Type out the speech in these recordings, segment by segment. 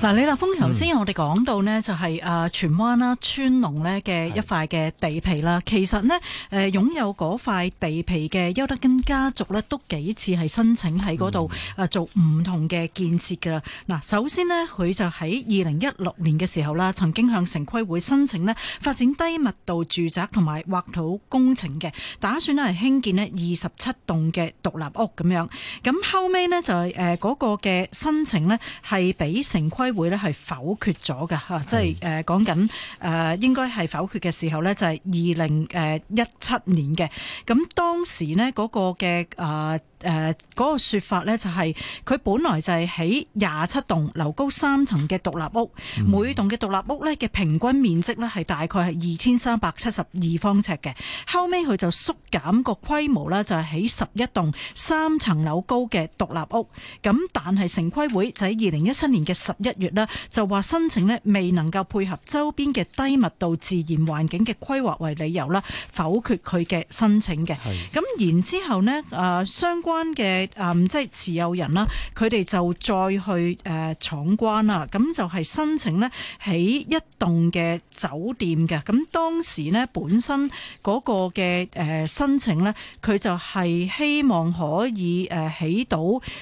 嗱，李立峰，頭先我哋講到咧，嗯、就係誒荃灣啦、川龍咧嘅一塊嘅地皮啦。是其實咧，誒、呃、擁有嗰塊地皮嘅邱德根家族咧，都幾次係申請喺嗰度誒做唔同嘅建設㗎。嗱，首先咧，佢就喺二零一六年嘅時候啦，曾經向城規會申請咧發展低密度住宅同埋挖土工程嘅，打算咧係興建咧二十七棟嘅獨立屋咁樣，咁後尾咧就係誒嗰個嘅申請咧係俾城規會咧係否決咗噶吓，即係誒講緊誒應該係否決嘅時候咧，就係二零誒一七年嘅，咁當時咧嗰個嘅誒。呃誒嗰、呃那個說法呢，就係佢本來就係起廿七棟樓高三層嘅獨立屋，每棟嘅獨立屋呢，嘅平均面積呢，係大概係二千三百七十二方尺嘅。後尾，佢就縮減個規模呢，就係起十一棟三層樓高嘅獨立屋。咁但係城規會就喺二零一七年嘅十一月呢，就話申請呢，未能夠配合周邊嘅低密度自然環境嘅規劃為理由啦，否決佢嘅申請嘅。咁然是的 之後呢，誒、呃、相。關嘅誒，即係持有人啦，佢哋就再去誒闖關啦，咁就係申請呢起一棟嘅酒店嘅，咁當時呢，本身嗰個嘅誒申請呢，佢就係希望可以誒起到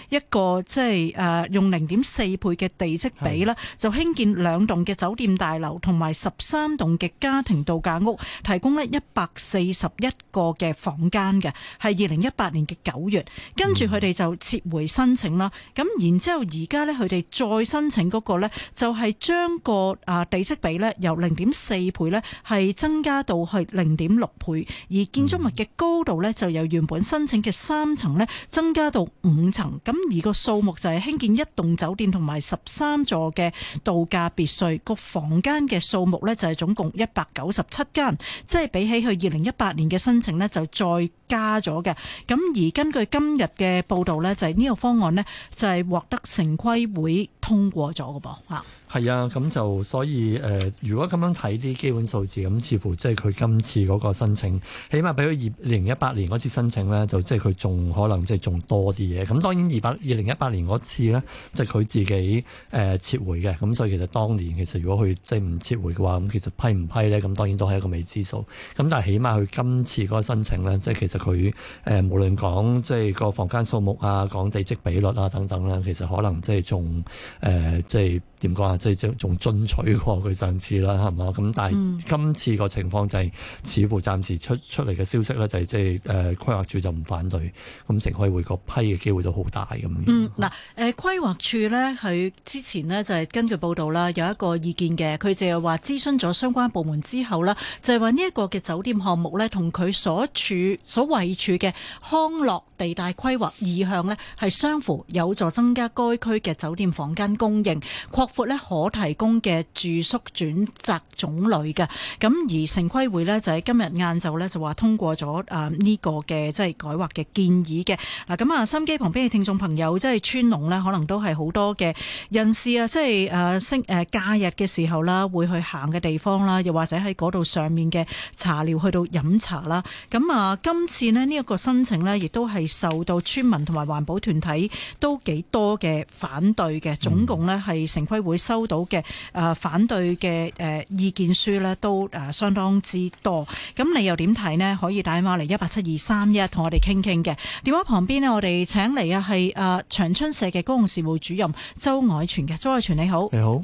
一個即係誒用零點四倍嘅地積比啦，就興建兩棟嘅酒店大樓同埋十三棟嘅家庭度假屋，提供呢一百四十一個嘅房間嘅，係二零一八年嘅九月。跟住佢哋就撤回申請啦，咁然之後而家呢，佢哋再申請嗰個呢，就係將個啊地積比呢由零點四倍呢係增加到去零點六倍，而建築物嘅高度呢，就由原本申請嘅三層呢增加到五層，咁而個數目就係興建一棟酒店同埋十三座嘅度假別墅，個房間嘅數目呢，就係總共一百九十七間，即係比起佢二零一八年嘅申請呢，就再加咗嘅，咁而根據今今日嘅報道呢，就係、是、呢個方案呢，就係獲得城規會通過咗㗎噃嚇。係啊，咁就所以誒、呃，如果咁樣睇啲基本數字，咁似乎即係佢今次嗰個申請，起碼畀佢二零一八年嗰次申請呢，就即係佢仲可能即係仲多啲嘢。咁當然二八二零一八年嗰次呢，即係佢自己誒、呃、撤回嘅，咁所以其實當年其實如果佢即係唔撤回嘅話，咁其實批唔批呢？咁當然都係一個未知數。咁但係起碼佢今次嗰個申請呢，即係其實佢誒、呃、無論講即係個房間數目啊、講地積比率啊等等呢，其實可能即係仲誒即係點講啊？呃就是仲進取過佢上次啦，係嘛？咁但係今次個情況就係，似乎暫時出出嚟嘅消息咧、就是，就係即係誒規劃署就唔反對，咁城規會會批嘅機會都好大咁。嗯，嗱誒、呃、規劃署呢，佢之前呢，就係、是、根據報道啦，有一個意見嘅，佢就係話諮詢咗相關部門之後咧，就係話呢一個嘅酒店項目呢，同佢所處所位處嘅康樂地帶規劃意向呢，係相符，有助增加該區嘅酒店房間供應，擴闊咧，可提供嘅住宿轉擇種類嘅，咁而城規會咧就喺今日晏晝咧就話通過咗啊，呢個嘅即係改劃嘅建議嘅。嗱咁啊,心機旁邊嘅聽眾朋友，即係川龍咧，可能都係好多嘅人士、就是、啊，即係誒星誒、啊、假日嘅時候啦，會去行嘅地方啦，又或者喺嗰度上面嘅茶寮去到飲茶啦。咁啊，今次咧呢一個申請咧，亦都係受到村民同埋環保團體都幾多嘅反對嘅，總共咧係城規會收收到嘅誒、呃、反對嘅誒、呃、意見書咧，都誒、呃、相當之多。咁你又點睇呢？可以打電話嚟一八七二三一同我哋傾傾嘅。電話旁邊我哋請嚟啊，係誒，長春社嘅公共事務主任周藹詮嘅。周藹詮你好，你好。你好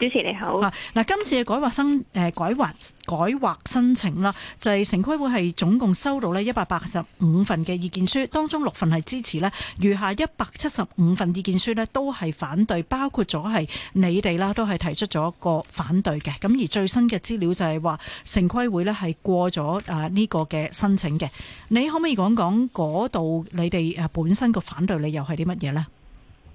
主持你好。嗱，今次嘅改劃申，誒、呃，改劃改劃申請啦，就係城規會係總共收到咧一百八十五份嘅意見書，當中六份係支持咧，餘下一百七十五份意見書咧都係反對，包括咗係你哋啦，都係提出咗一個反對嘅。咁而最新嘅資料就係話城規會咧係過咗啊呢個嘅申請嘅。你可唔可以講講嗰度你哋誒本身個反對理由係啲乜嘢咧？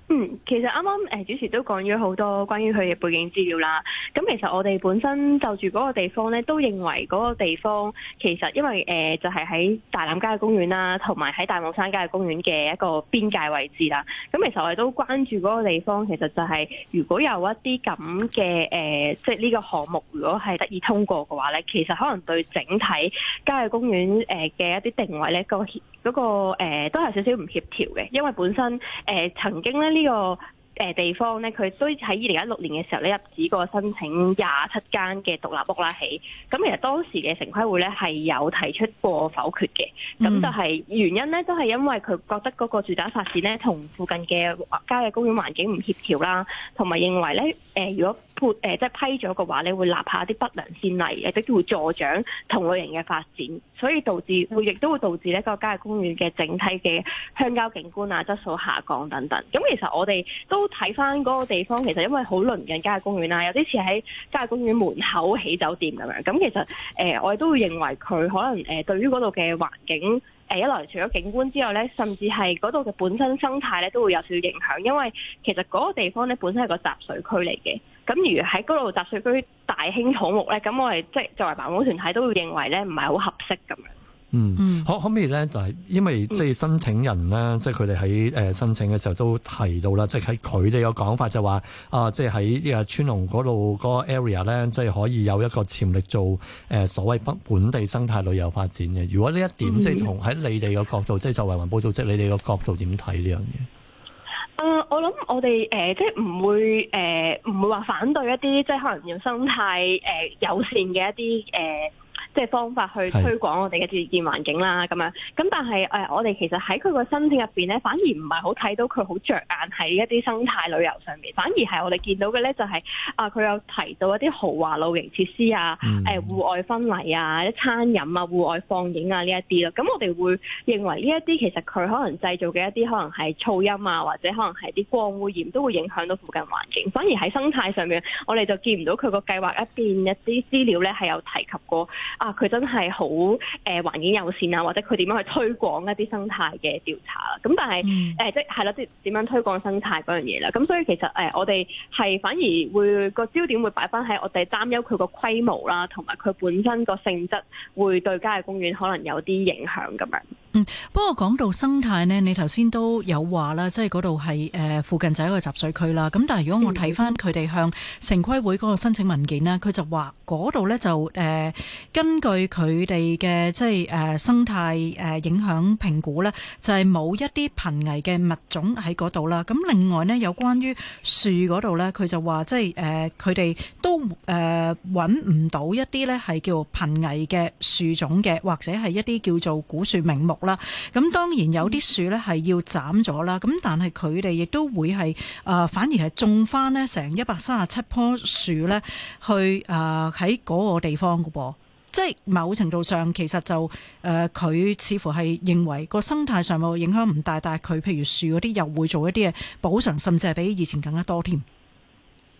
嗯，其實啱啱誒主持都講咗好多關於佢嘅背景資料啦。咁其實我哋本身就住嗰個地方咧，都認為嗰個地方其實因為誒、呃、就係、是、喺大欖郊野公園啦，同埋喺大帽山郊野公園嘅一個邊界位置啦。咁其實我哋都關注嗰個地方，其實就係如果有一啲咁嘅誒，即係呢個項目如果係得以通過嘅話咧，其實可能對整體郊野公園誒嘅一啲定位咧，嗰、個嗰、個、呃、都係少少唔協調嘅，因為本身誒、呃、曾經咧。呢個誒地方咧，佢都喺二零一六年嘅時候咧，入紙過申請廿七間嘅獨立屋啦起。咁其實當時嘅城規會呢，係有提出過否決嘅。咁就係原因呢，都係因為佢覺得嗰個住宅發展呢同附近嘅郊野公園環境唔協調啦，同埋認為呢，誒、呃、如果，判、呃、即係批咗嘅話，咧會立下啲不良先例嘅，亦都會助長同類型嘅發展，所以導致會亦都會導致呢、那個郊野公園嘅整體嘅鄉郊景觀啊質素下降等等。咁、嗯、其實我哋都睇翻嗰個地方，其實因為好鄰近郊野公園啊，有啲似喺郊野公園門口起酒店咁樣。咁、嗯、其實誒、呃，我哋都會認為佢可能誒、呃、對於嗰度嘅環境一來、呃、除咗景觀之外呢，甚至係嗰度嘅本身生態呢都會有少少影響，因為其實嗰個地方呢本身係個集水區嚟嘅。咁如喺嗰度集水區大興土木咧，咁我哋即係作為環保團體都會認為咧，唔係好合適咁樣。嗯嗯，好、嗯，可唔可以咧？就係因為即係申請人咧，即係佢哋喺申請嘅時候都提到啦，即係喺佢哋嘅講法就話啊，即係喺啊川龍嗰度個 area 咧，即、就、係、是、可以有一個潛力做、呃、所謂北本地生態旅遊發展嘅。如果呢一點即係從喺你哋嘅角度，即係、嗯就是、作為環保組織，你哋嘅角度點睇呢樣嘢？Uh, 我諗我哋、呃、即係唔會、呃、唔會話反對一啲即係可能要生態誒、呃、友善嘅一啲即係方法去推廣我哋嘅自然環境啦，咁樣，咁但係誒、呃，我哋其實喺佢個申請入邊咧，反而唔係好睇到佢好着眼喺一啲生態旅遊上面，反而係我哋見到嘅咧就係、是、啊，佢有提到一啲豪華露營設施啊，誒戶外婚禮啊、一餐飲啊、戶外、啊、戶外放映啊呢一啲咯。咁我哋會認為呢一啲其實佢可能製造嘅一啲可能係噪音啊，或者可能係啲光污染都會影響到附近環境。反而喺生態上面，我哋就見唔到佢個計劃入邊一啲資料咧係有提及過。啊！佢真係好誒環境友善啊，或者佢點樣去推廣一啲生態嘅調查啦？咁但係誒、嗯呃，即係咯，點點樣推廣生態嗰樣嘢啦？咁所以其實誒、呃，我哋係反而會個焦點會擺翻喺我哋擔憂佢個規模啦，同埋佢本身個性質會對郊野公園可能有啲影響咁樣。嗯，不過講到生態呢，你頭先都有話啦，即係嗰度係附近就一個集水區啦。咁但係如果我睇翻佢哋向城規會嗰個申請文件呢，佢就話嗰度呢，就、呃、誒根據佢哋嘅即係誒生態誒、呃、影響評估呢，就係、是、冇一啲瀕危嘅物種喺嗰度啦。咁另外呢，有關於樹嗰度呢，佢就話即係誒佢哋都誒揾唔到一啲呢係叫瀕危嘅樹種嘅，或者係一啲叫做古樹名木。啦，咁當然有啲樹咧係要斬咗啦，咁但係佢哋亦都會係啊、呃，反而係種翻呢成一百三十七棵樹咧，去啊喺嗰個地方噶噃，即係某程度上其實就誒，佢、呃、似乎係認為個生態上嘅影響唔大，但係佢譬如樹嗰啲又會做一啲嘢補償，甚至係比以前更加多添。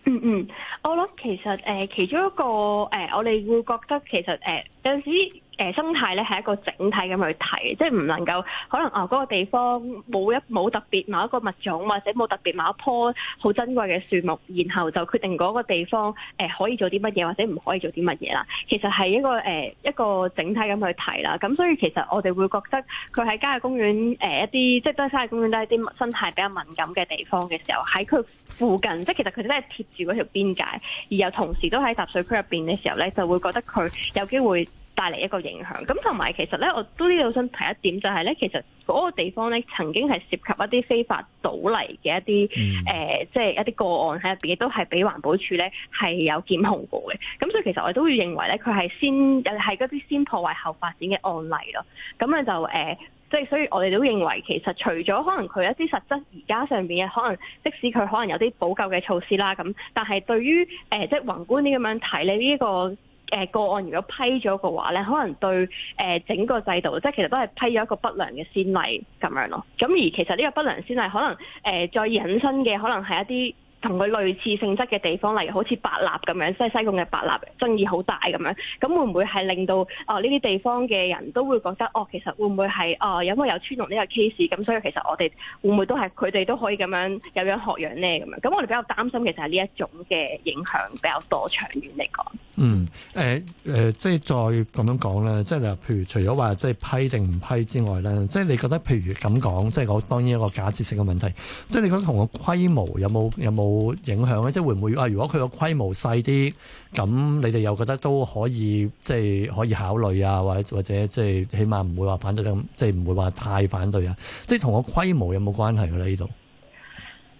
嗯嗯，我諗其實誒、呃，其中一個誒、呃，我哋會覺得其實誒有陣時。誒生態咧係一個整體咁去睇，即係唔能夠可能啊嗰個地方冇一冇特別某一個物種，或者冇特別某一棵好珍貴嘅樹木，然後就決定嗰個地方誒可以做啲乜嘢，或者唔可以做啲乜嘢啦。其實係一個誒、呃、一個整體咁去睇啦。咁所以其實我哋會覺得佢喺郊野公園誒、呃、一啲，即係都係郊野公園都係一啲生態比較敏感嘅地方嘅時候，喺佢附近，即其實佢哋都係貼住嗰條邊界，而又同時都喺集水區入邊嘅時候咧，就會覺得佢有機會。帶嚟一個影響，咁同埋其實咧，我都呢度想提一,一點，就係咧，其實嗰個地方咧曾經係涉及一啲非法倒泥嘅一啲誒、嗯呃，即係一啲個案喺入面都係俾環保署咧係有檢控過嘅。咁所以其實我都會認為咧，佢係先係嗰啲先破壞後發展嘅案例咯。咁樣就誒，即、呃、係所以我哋都認為其實除咗可能佢一啲實質而家上面嘅，可能即使佢可能有啲補救嘅措施啦咁，但係對於、呃、即係宏觀啲咁樣睇咧呢個。誒個案如果批咗嘅話咧，可能對誒整個制度，即係其實都係批咗一個不良嘅先例咁樣咯。咁而其實呢個不良先例，可能誒、呃、再引申嘅，可能係一啲，同佢類似性質嘅地方，例如好似白蠟咁樣，即西西貢嘅白蠟爭議好大咁樣，咁會唔會係令到哦呢啲地方嘅人都會覺得哦，其實會唔會係哦有冇有，有川龍呢個 case，咁所以其實我哋會唔會都係佢哋都可以咁樣有樣學樣呢？咁樣。咁我哋比較擔心其實係呢一種嘅影響比較多長遠嚟講。嗯，誒、呃、誒、呃，即係再咁樣講咧，即係例如，譬如除咗話即係批定唔批之外咧，即係你覺得譬如咁講，即係我當然一個假設性嘅問題，即係你覺得同個規模有冇有冇？有會影響咧，即係會唔會啊？如果佢個規模細啲，咁你哋又覺得都可以，即係可以考慮啊，或者或者即係起碼唔會話反對咁，即係唔會話太反對啊。即係同個規模有冇關係噶咧？呢度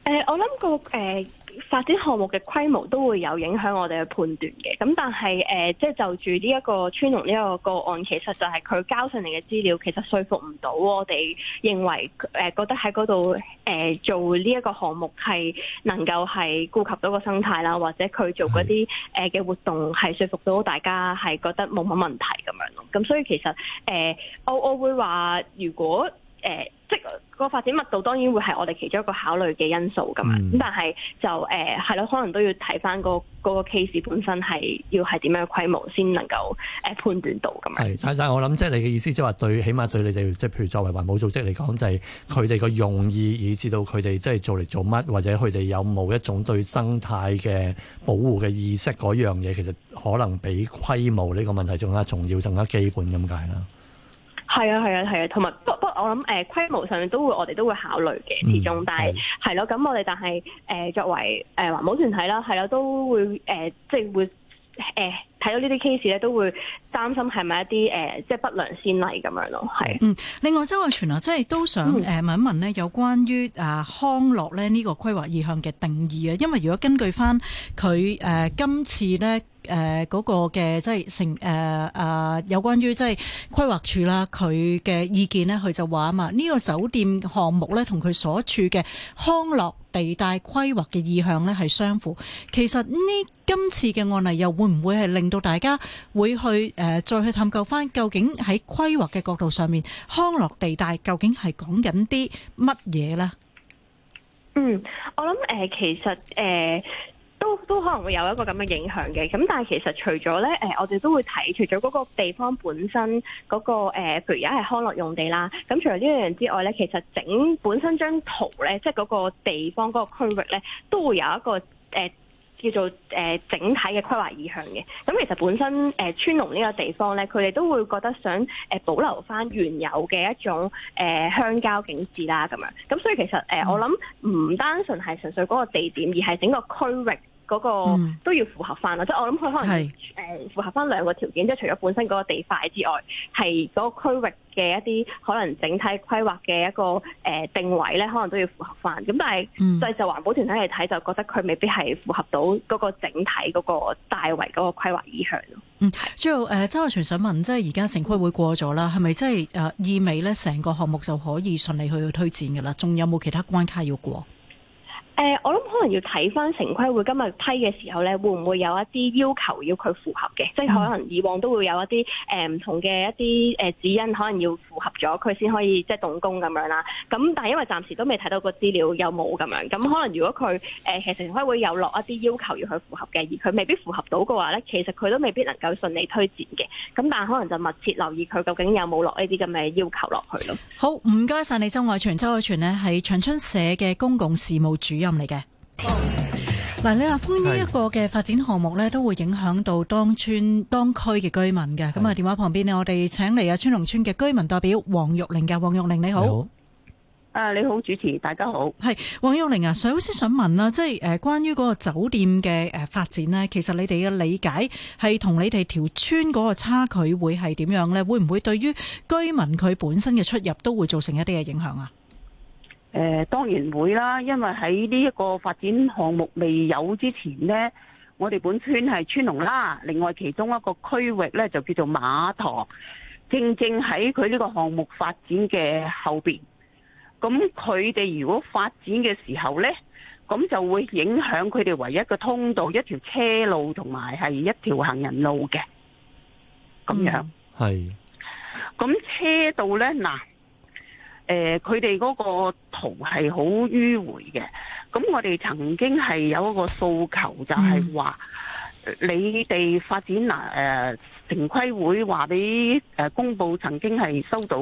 誒，我諗個誒。呃發展項目嘅規模都會有影響我哋嘅判斷嘅，咁但係誒，即係、呃、就住呢一個川龍呢一個個案，其實就係佢交上嚟嘅資料，其實説服唔到我哋認為誒、呃、覺得喺嗰度誒做呢一個項目係能夠係顧及到個生態啦，或者佢做嗰啲誒嘅活動係説服到大家係覺得冇乜問題咁樣咯。咁所以其實誒、呃，我我會話如果誒。呃即個發展密度當然會係我哋其中一個考慮嘅因素㗎嘛，咁、嗯、但係就誒係咯，可能都要睇翻、個嗰個 case 本身係要係點樣規模先能夠誒判斷到㗎嘛。係，但係我諗即係你嘅意思之，即係話對，起碼對你哋即係譬如作為環保組織嚟講，就係佢哋個用意，以至到佢哋即係做嚟做乜，或者佢哋有冇一種對生態嘅保護嘅意識嗰樣嘢，其實可能比規模呢個問題仲加重要、更加基本咁解啦。係啊，係啊，係啊，同埋不不過，我諗誒、呃、規模上面都會，我哋都會考慮嘅始終，但係係咯，咁、嗯、我哋但係誒、呃、作為誒、呃、環保團體啦，係啦，都會誒、呃、即係會。誒睇，呃、到呢啲 case 咧，都會擔心係咪一啲誒、呃、即係不良先例咁樣咯，係嗯，另外周藹詮啊，即係都想誒問一問呢，嗯、有關於啊康樂咧呢個規劃意向嘅定義啊，因為如果根據翻佢誒今次呢誒嗰、呃那個嘅即係成誒誒有關於即係規劃署啦，佢嘅意見呢，佢就話啊嘛，呢個酒店項目咧同佢所處嘅康樂。地帶規劃嘅意向呢係相符，其實呢今次嘅案例又會唔會係令到大家會去誒、呃、再去探究翻，究竟喺規劃嘅角度上面康樂地帶究竟係講緊啲乜嘢呢？嗯，我諗誒、呃、其實誒。呃都可能會有一個咁嘅影響嘅，咁但係其實除咗咧，誒我哋都會睇，除咗嗰個地方本身嗰、嗰個、呃、譬如而家係康樂用地啦，咁除咗呢樣之外咧，其實整本身張圖咧，即係嗰個地方嗰個區域咧，都會有一個誒、呃、叫做誒、呃、整體嘅規劃意向嘅。咁其實本身誒川龍呢個地方咧，佢哋都會覺得想誒保留翻原有嘅一種誒、呃、鄉郊景緻啦，咁樣。咁所以其實誒、呃嗯、我諗唔單純係純粹嗰個地點，而係整個區域。嗰個都要符合翻咯，即係、嗯、我諗佢可能誒符合翻兩個條件，是即係除咗本身嗰個地塊之外，係嗰個區域嘅一啲可能整體規劃嘅一個誒定位咧，可能都要符合翻。咁但係就是環保團體嚟睇，就覺得佢未必係符合到嗰個整體嗰個大圍嗰個規劃意向咯。嗯，最後誒曾愛全想問，即係而家城規會過咗啦，係咪即係誒意味咧，成個項目就可以順利去推薦噶啦？仲有冇其他關卡要過？誒、嗯，我諗可能要睇翻城規會今日批嘅時候咧，會唔會有一啲要求要佢符合嘅？即係可能以往都會有一啲誒唔同嘅一啲誒指引，可能要符合咗佢先可以即係動工咁樣啦。咁但係因為暫時都未睇到個資料有冇咁樣，咁可能如果佢誒其實城規會有落一啲要求要佢符合嘅，而佢未必符合到嘅話咧，其實佢都未必能夠順利推展嘅。咁但係可能就密切留意佢究竟有冇落呢啲咁嘅要求落去咯。好，唔該晒，你周藹詮，周藹詮呢，係長春社嘅公共事務主任。嚟嘅嗱，李立峰呢一個嘅發展項目咧，都會影響到當村當區嘅居民嘅。咁啊，的，電話旁邊呢，我哋請嚟啊，川龍村嘅居民代表王玉玲嘅，王玉玲你好。啊，你好，主持，大家好。係王玉玲啊，首先想問啦，即係誒，關於嗰個酒店嘅誒發展呢，其實你哋嘅理解係同你哋條村嗰個差距會係點樣呢？會唔會對於居民佢本身嘅出入都會造成一啲嘅影響啊？誒，當然會啦，因為喺呢一個發展項目未有之前呢，我哋本村係川龍啦。另外其中一個區域呢，就叫做馬塘，正正喺佢呢個項目發展嘅後邊。咁佢哋如果發展嘅時候呢，咁就會影響佢哋唯一嘅通道，一條車路同埋係一條行人路嘅。咁樣係，咁、嗯、車道呢，嗱。誒佢哋嗰個圖係好迂迴嘅，咁我哋曾經係有一個訴求就是說，就係話你哋發展嗱，誒城規會話俾誒公佈，曾經係收到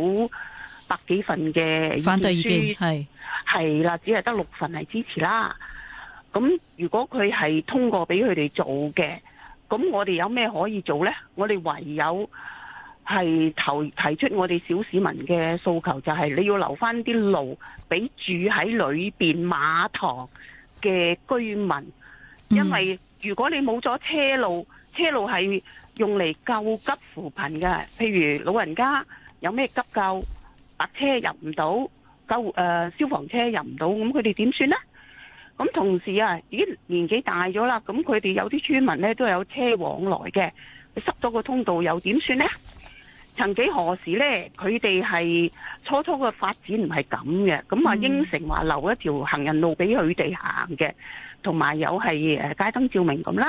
百幾份嘅反對意見，係，係啦，只係得六份係支持啦。咁如果佢係通過俾佢哋做嘅，咁我哋有咩可以做呢？我哋唯有。係投提出我哋小市民嘅訴求，就係你要留翻啲路俾住喺裏邊馬塘嘅居民，因為如果你冇咗車路，車路係用嚟救急扶貧嘅，譬如老人家有咩急救，白車入唔到，救、呃、消防車入唔到，咁佢哋點算呢？咁同時啊，已經年紀大咗啦，咁佢哋有啲村民呢都有車往來嘅，塞咗個通道又點算呢？曾幾何時咧，佢哋係初初嘅發展唔係咁嘅，咁話應承話留一條行人路俾佢哋行嘅，同埋有係誒街燈照明咁啦。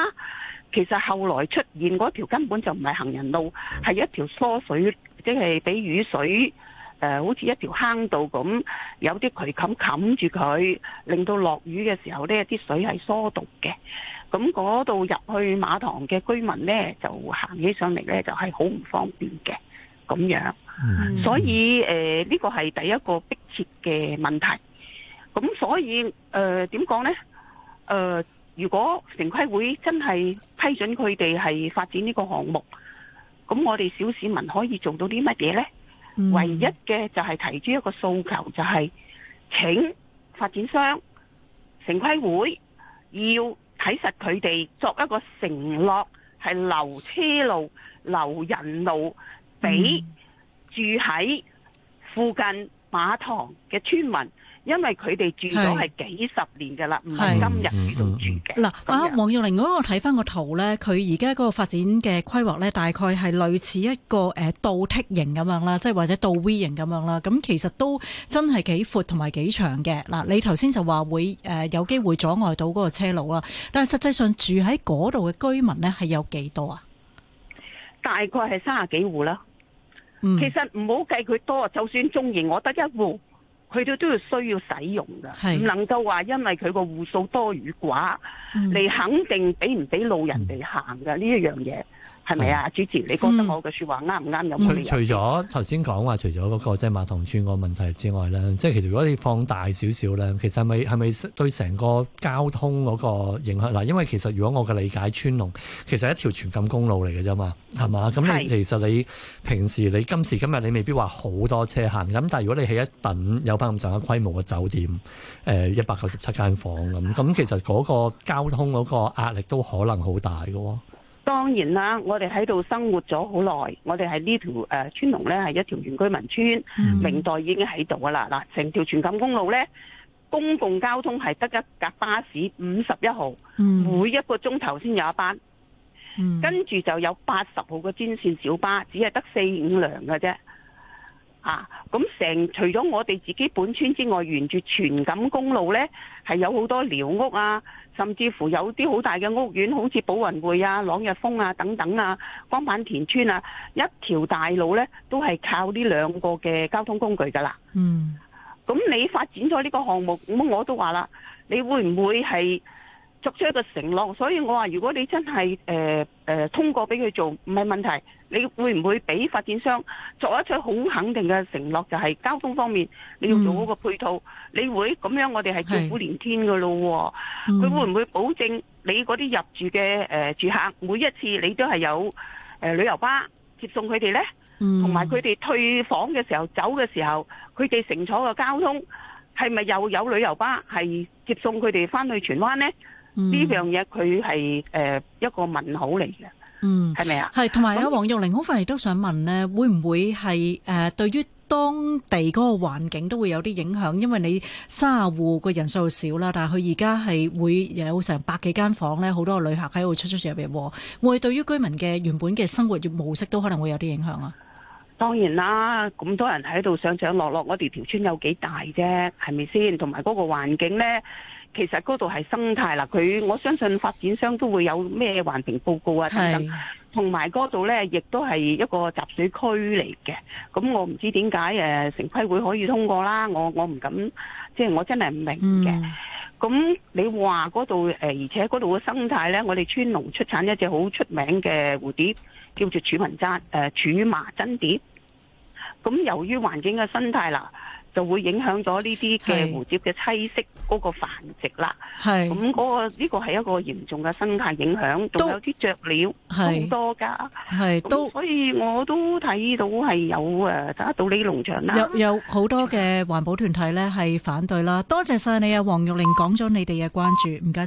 其實後來出現嗰條根本就唔係行人路，係一條疏水，即係俾雨水誒，好似一條坑道咁，有啲渠冚冚住佢，令到落雨嘅時候咧，啲水係疏導嘅。咁嗰度入去馬塘嘅居民咧，就行起上嚟咧，就係好唔方便嘅。咁樣，所以誒呢個係第一個迫切嘅問題。咁所以誒點講呢？誒，如果城規會真係批准佢哋係發展呢個項目，咁我哋小市民可以做到啲乜嘢呢？唯一嘅就係提出一個訴求，就係請發展商、城規會要睇實佢哋作一個承諾，係留車路、留人路。俾、嗯、住喺附近馬塘嘅村民，因為佢哋住咗係幾十年嘅啦，唔係是今日住嘅。嗱啊，王玉玲，嗰個睇翻個圖咧，佢而家嗰個發展嘅規劃咧，大概係類似一個誒倒 T 型咁樣啦，即係或者倒 V 型咁樣啦。咁其實都真係幾闊同埋幾長嘅。嗱，你頭先就話會誒、呃、有機會阻礙到嗰個車路啦，但係實際上住喺嗰度嘅居民咧係有幾多啊？大概係三十幾戶啦。嗯、其實唔好計佢多，就算中型，我得一戶，佢哋都要需要使用噶，唔是能夠話因為佢個戶數多與寡嚟、嗯、肯定俾唔俾路人哋行噶呢一樣嘢。係咪啊，主持？你覺得我嘅説話啱唔啱？有咩理由？除咗頭先講話，除咗嗰個即係馬塘村個問題之外咧，即係其實如果你放大少少咧，其實係咪係咪對成個交通嗰個影響？嗱，因為其實如果我嘅理解，川龍其實係一條荃錦公路嚟嘅啫嘛，係嘛？咁你是其實你平時你今時今日你未必話好多車行，咁但係如果你起一棟有番咁大規模嘅酒店，誒一百九十七間房咁，咁其實嗰個交通嗰個壓力都可能好大嘅喎。當然啦，我哋喺度生活咗好耐，我哋喺呢條、呃、川龍呢係一條原居民村，嗯、明代已經喺度噶啦。嗱，成條荃錦公路呢，公共交通係得一架巴士五十一號，嗯、每一個鐘頭先有一班，嗯、跟住就有八十號嘅專線小巴，只係得四五輛嘅啫。啊！咁成除咗我哋自己本村之外，沿住荃錦公路呢，係有好多寮屋啊，甚至乎有啲好大嘅屋苑，好似寶雲匯啊、朗日峰啊等等啊、光板田村啊，一條大路呢，都係靠呢兩個嘅交通工具㗎啦。嗯，咁你發展咗呢個項目，咁我都話啦，你會唔會係？作出一個承諾，所以我話：如果你真係誒誒通過俾佢做，唔係問題。你會唔會俾發展商作一出好肯定嘅承諾，就係、是、交通方面你要做好個配套？嗯、你會咁樣我哋係叫苦連天嘅咯。佢、嗯、會唔會保證你嗰啲入住嘅、呃、住客，每一次你都係有誒、呃、旅遊巴接送佢哋呢？同埋佢哋退房嘅時候、走嘅時候，佢哋乘坐嘅交通係咪又有旅遊巴係接送佢哋返去荃灣呢？呢樣嘢佢係誒一個問號嚟嘅，係咪啊？係同埋阿王玉玲好快亦都想問咧，會唔會係誒對於當地嗰個環境都會有啲影響？因為你三十戶嘅人數少啦，但係佢而家係會有成百幾間房咧，好多旅客喺度出出入入，會對於居民嘅原本嘅生活模式都可能會有啲影響啊！當然啦，咁多人喺度上上落落，我哋條村有幾大啫，係咪先？同埋嗰個環境呢。其實嗰度係生態啦，佢我相信發展商都會有咩環評報告啊等等，同埋嗰度呢亦都係一個集水區嚟嘅。咁我唔知點解誒城規會可以通過啦，我我唔敢，即係我真係唔明嘅。咁、嗯嗯、你話嗰度誒，而且嗰度嘅生態呢？我哋川龍出產一隻好出名嘅蝴蝶，叫做苧紋扎誒苧麻珍蝶。咁、嗯、由於環境嘅生態啦。就會影響咗呢啲嘅蝴蝶嘅棲息個繁殖啦，咁嗰是、嗯、個呢個係一個嚴重嘅生態影響，仲都有啲雀鳥好多噶，係是都，所以我都睇到係有誒得到呢農場啦，有有好多嘅環保團體咧係反對啦。多謝晒你啊，王玉玲講咗你哋嘅關注，唔該。